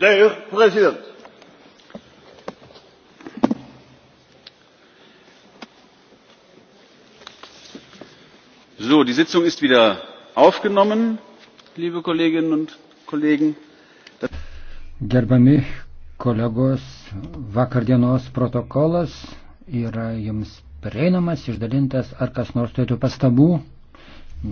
Dear President, So, die Sitzung ist wieder aufgenommen, liebe Kolleginnen und Kollegen. Gerbiami kolegos, vakardienos protokolas yra jums prieinamas, išdalintas, ar kas nors turėtų pastabų.